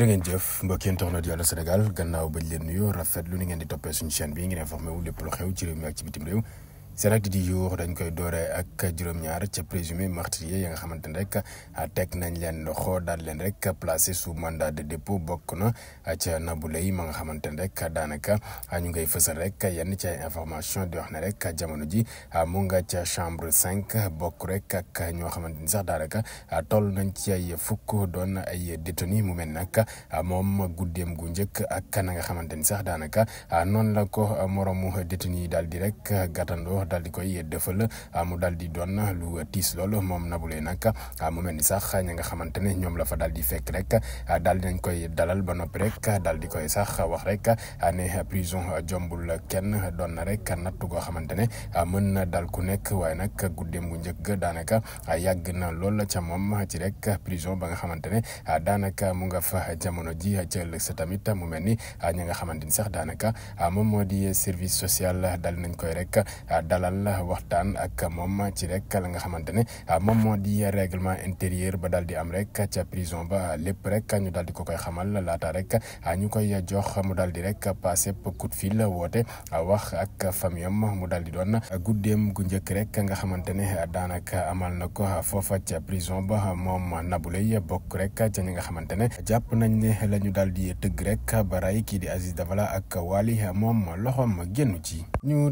jërë ngeen jëf mbokki internet yu Allô Sénégal gannaaw bañ leen nuyoo rafet lu ni ngeen di toppee suñu chaîne bi ngeen informé wu lépp lu xew ci réew mi ak ci bitim réew seen acte di jour dañ koy dooree ak juróom-ñaar ca présumé meurtrier ya nga xamante ne rek ah, teg nañ leen loxo daal leen rek placé sous mandat de dépôt bokk na ca Nabou Leye ma nga xamante ne rek daanaka ñu ngay fësal rek yenn ci information di wax ne rek jamono ji ah, mu nga ca chambre cinq bokk rek ak ñoo xamante ni sax daanaka toll nañ ci ay fukk doon ay détenu mu mel nag ah, moom guddeem gu njëkk ak na nga xamante ni sax daanaka noonu la ko moromu détenu yi daal di rek gàttandoo. ko daal di koy defal ah, mu daal di doon lu tiis lool moom Nabou Leye nag ah, mu mel ni sax ñi nga xamante ne ñoom la fa daal di fekk rek ah, daal di koy dalal ba noppi rek daal di koy sax wax rek ne prison jombul kenn doon na rek nattu goo xamante ne mën na dal ku nekk waaye nag guddeem gu njëkk daanaka yàgg na lool ca moom ci rek prison ba nga xamante ne daanaka mu nga fa jamono ji ca tamit mu mel ni ñi nga xamante ni sax daanaka moom moo di service social daal nañ koy rek. dalal waxtaan ak moom ci rek la nga xamante ne moom moo di règlement intérieur ba daal di am rek ca prison ba lépp rek ñu daal di ko koy xamal laata rek a ñu koy jox mu daal di rek passé coup de fil woote wax ak famiyam mu daal di doon guddeem gu njëkk rek nga xamante ne daanaka amal na ko foofa ca prison ba moom Nabou Leye bokk rek ca ñi nga xamante ne jàpp nañ ne la ñu daal di tëgg rek ba rey kii di Aziz Dabala ak Wali moom loxoom génn ci ñu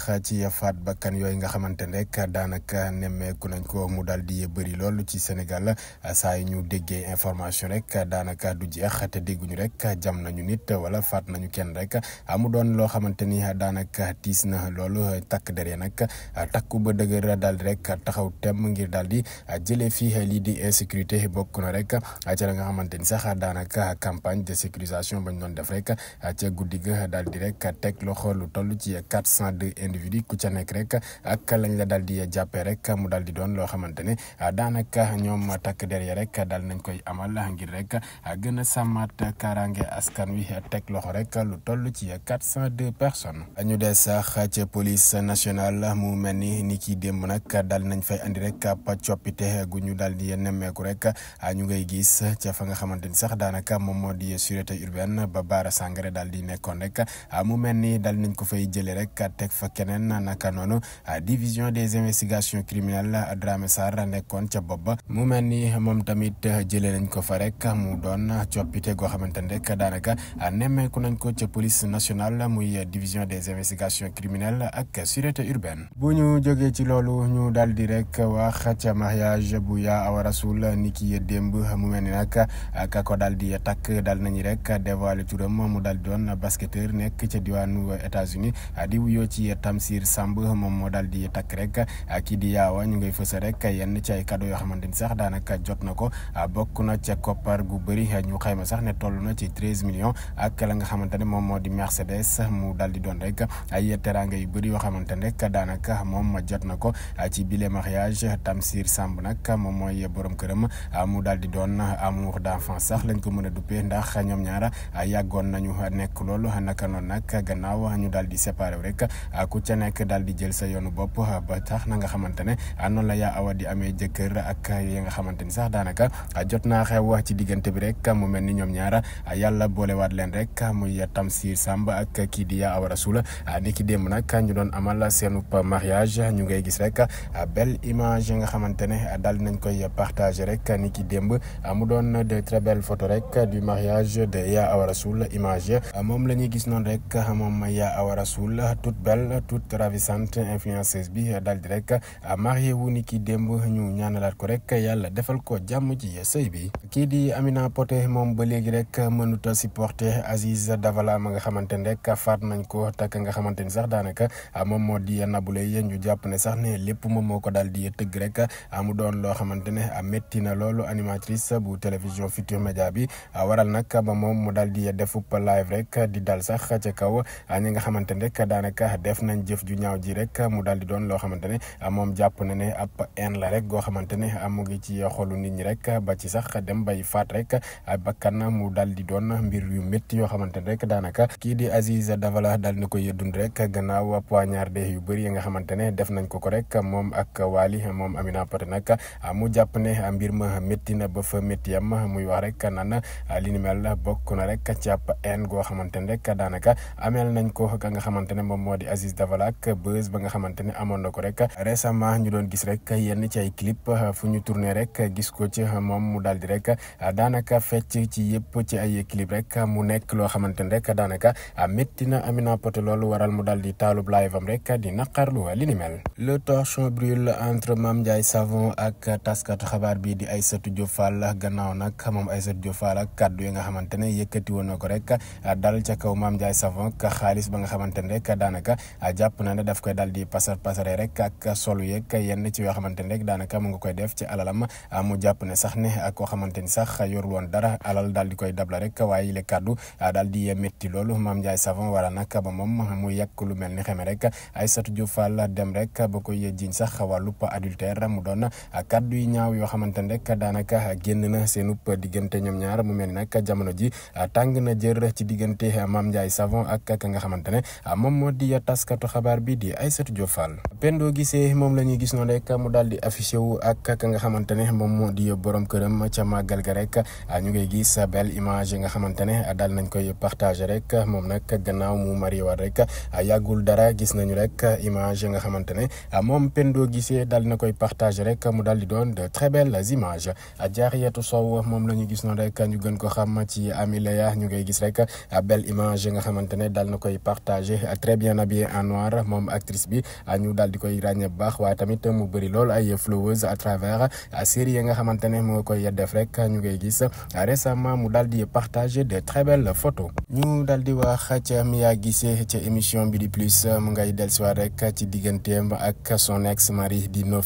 sax ci faat bakkan yooyu nga xamante ne rek daanaka nemmeeku nañ ko mu daal di bëri lool ci Sénégal saa yi ñu déggee information rek daanaka du jeex a te dégguñu rek jam nañu nit wala faat nañu kenn rek mu doon loo xamante ni daanaka tiis na loolu takk deree nag takku ba dëgër daal di rek taxaw tem ngir daal di jëlee fii lii di insécurité bokk na rek ca la nga xamante ni sax daanaka campagne de sécurisation bañ doon def rek ca guddi ga daal di rek teg loxo lu individu ku ca nekk rek ak lañ la daal di jàppee rek mu daal di doon loo xamante ne daanaka ñoom takk der rek daal nañ koy amal ngir rek gën a sàmmaat kaaraange askan wi teg loxo rek lu toll ci quatre cent deux personnes. ñu des sax ca police nationale mu mel ni ni ki démb nag daal nañ fay andi rek ab coppite gu ñu daal di nemmeeku rek ñu ngay gis ca fa nga xamante ni sax daanaka moom moo di sûreté urbaine ba Baara Sangaré daal di nekkoon rek mu mel ni daal nañ keneen naka noonu ah, division des investigations criminelles ah, Dramé Sarr nekkoon ca bopp mu mel ni moom tamit ah, jëlee nañ ko fa rek mu doon coppite goo xamante ne rek daanaka nemmeeku nañ ko ca police nationale muy division des investigations criminelles ak sûreté urbaine. bu ñu jógee ci loolu ñu daal di rek wax ca mariage bu yaa awa rasul ni ki démb mu mel ni nag ka ko daal di takk daal nañu rek dévoilé turam mu daal di doon basketteur nekk ca diwaanu États-Unis di wuyoo ci Tamsir Samb moom moo daal di takk rek i di yaawa ñu ngay fës rek yenn ci ay cadeau yoo xamante ni sax daanaka jot na ko bokk na ca koppar gu bëri ñu xayma sax ne toll na ci treize million ak la nga xamante ne moom moo di Mercedes mu daal di doon rek ay teraanga yu bëri yoo xamante ne rek daanaka moom jot na ko ci bile mariage Tamsir Samb nag moom mooy boroom këram mu daal di doon amour d'enfant sax lañ ko mën a duppee ndax ñoom ñaar yàggoon nañu nekk loolu naka noonu nag gannaaw ñu daal di séparé rek. ca nekk daal di jël sa yoonu bopp ah, ba tax na nga xamante ne ah, noonu la yaa awa di amee jëkkër ak yi nga xamante ni sax daanaka ah, jot naa xew wax ci diggante bi rek mu mel ni ñoom ñaara yàlla boolewaat leen rek muy Tamsir Samb ak kii di yaa awa Rasoul ni démb nag ñu doon amal seenu mariage ñu ngay gis rek belle image nga xamante ne daal nañ koy partager rek ni ki démb mu doon de très belle photo rek du mariage de yaa awa Rasoul image moom la ñuy gis noonu rek moom yaa awa Rasoul toute belle toute ravissante influenceuse bi daal di rek marié wu ni ki démb ñu ñaanalaat ko rek yàlla defal ko jàmm ci sëy bi. kii di Amina Poté moom ba léegi rek mënut a supporter Aziz Davala ma nga xamante ne rek faat nañ ko takk nga xamante ni sax daanaka moom moo di nabulay ñu jàpp ne sax ne lépp moom moo ko daal di tëgg rek mu doon loo xamante ne métti na loolu animatrice bu télévision Futur Média bi waral nag ba moom mu daal di defub live rek di dal sax ca nañ jëf ju ñaaw ji rek mu daal di doon loo xamante ne moom jàpp na ne ab en la rek goo xamante ne mu ngi ci xolu nit ba ci sax dem bay faat rek bakkan mu daal di doon mbir yu métti yoo xamante ne rek daanaka kii di Aziz Dabala daal na koy dund rek gannaaw poignarde yu bëri yi nga xamante ne def nañ ko ko rek moom ak Waly moom Amina Poté nag mu jàpp ne mbir ma métti na ba fa métti yam ka nga xamante ne moom moo di Aziz Davala ak ba nga xamante ne amoon na ko rek récemment ñu doon gis rek yenn ci ay clip fu ñu tourné rek gis ko ci moom mu daal di rek daanaka fecc ci yëpp ci ay clip rek mu nekk loo xamante ne rek daanaka métti na Amina Poté loolu waral mu daal di taalub live am rek di naqarlu li ni mel. le torchon brûle entre Mame Ndiaye Savon ak taskatu xabaar bi di ay Diop Fall gannaaw nag moom ay Diop Fall ak kàddu yi nga xamante ne yëkkati woon na ko rek dal ca kaw maam Ndiaye Savon ak xaalis ba nga xamante ne rek daanaka. jàpp na ne daf koy daal di pasar pasare rek ak solu yeeg yenn ci yoo xamante ne rek daanaka mu ngi koy def ci alalam ah, mu jàpp ne sax ne koo xamante ni sax yorul woon dara alal daal di koy dabla rek waaye yile kàddu ah, daal di métti loolu Mame Ndiaye Savon wala ba moom mu yàq lu mel ni xeme rek Aïssatou Diouf Fall yi ñaaw yoo xamante ne rek daanaka génn na seenub diggante ñoom ñaar mu mel ni nag jamono ji tàng na jër ci diggante Mame Ndiaye Savon ak ka nga xamante ne moom moo di taskat taskatu xabaar bii di Aïssatou Diop Fall Pendo Guissé moom la ñuy gis noonu rek mu daal di affiché wu ak ka nga xamante ne moom moo di borom këram ca màggal ga rek ah, ñu ngay gis belle image yi nga xamante ne daal nañ koy partagé rek moom nag gannaaw mu marié waat rek ah, yàggul dara gis nañu rek image yi nga xamante ne ah, moom Pendo Guissé daal na koy partagé rek mu daal di doon de très belles images Diarriatou Sow moom la ñuy gis noonu rek ñu gën ko xam ci Amileya ñu ngay gis rek belle image yi nga xamante ne daal na koy partagé très bien habillé en noir moom actrice bi ñu daal di koy ràññee bu baax waaye tamit mu bëri lool ay flowers à travers série nga xamante ne mu nga koy def rek ñu ngay gis récemment mu daal di partager de très belles photos. ñu daal di wax ca Mia Guissé ca bi di plus mu ngay dellusiwaat rek ci digganteem ak son ex mari di No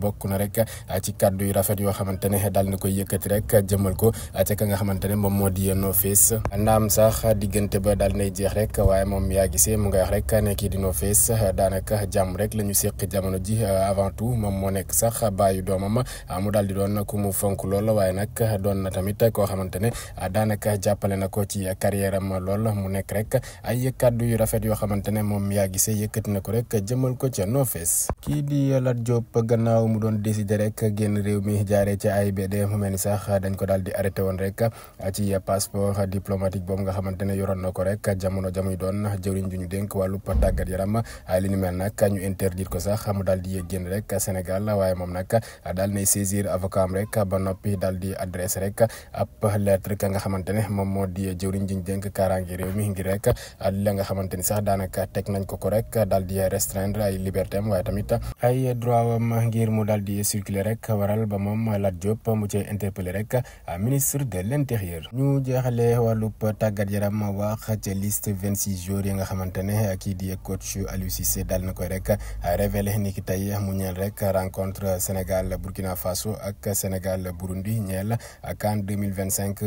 bokk na rek ci kàddu yu rafet yoo xamante ne daal na koy yëkkati rek jëmal ko ca nga xamante ne moom moo di No Face ndaam sax diggante ba daal nay jeex rek waaye moom Mia gisee mu ngay wax rek ne kii di Nofees daanaka jàmm rek la ñu seq jamono ji avant tout moom moo nekk sax bàyyi doomam mu daal di doon ku mu fonk lool waaye nag doon na tamit koo xamante ne daanaka jàppale na ko ci a carrière am lool mu nekk rek ay kàddu yu rafet yoo xamante ne moom yaa gisee yëkkati na ko rek jëmal ko ca Nofees. kii di Lat Diop gannaaw mu doon décider rek génn réew mi jaaree ci AIBD mu mel ni sax dañ ko daal di woon rek ci passeport diplomatique boobu nga xamante ne yoroon na ko rek jamono jamuy doon jëwriñ ju yaram li ni mel nag ñu interdire ko sax mu daal di génn rek Sénégal waaye moom nag daal nay saisir avocat am rek ba noppi daal di adresse rek ab lettre ka nga xamante ne moom moo di jëwriñ jiñ dénk kaaraange réew mi ngir rek la nga xamante ni sax daanaka teg nañ ko ko rek daal di restreindre ay liberté am waaye tamit ay droit am ngir mu daal di circuler rek waral ba moom Lat Diop mu cee interpellé rek ministre de l' intérieur. ñu jeexalee wàllub tàggat yaram wax ca liste vingt six jours nga xamante ne kii di coach coach Aliou Cissé daal na koy rek euh, révélé ni ki tey mu ñeel rek rencontre Sénégal Burkina Faso ak Sénégal Burundi ñeel CAN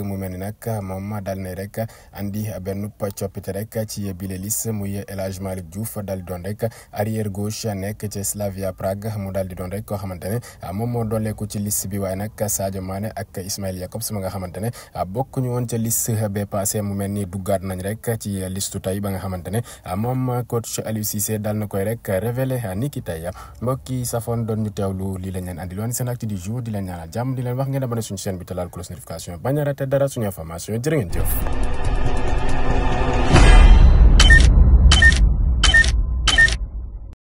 mu mel ni nag moom daal na rek andi benn coppite rek ci bile lis muy El Hadj Malick Diouf doon rek arrière gauche nekk ci Slavia Prague mu daal di doon rek koo xamante ne euh, moom moo dooleeku ci list bi waaye nag Sadio Mané ak Ismail Jakobs ma nga xamante ne euh, bokk ñu woon ca liste bee passé mu mel ni duggaat nañ rek ci liste tey ba nga xamante ne moom Aliou Cissé daal na koy rek révélé niki tey mbokk yi safoon doon ñu teewlu lii lañ leen andiloon seen acte du jour di leen ñaanal jàmm di leen wax ngeen abonné suñu chaîne bi te laal cloche notification bañ dara suñu information jërë jëf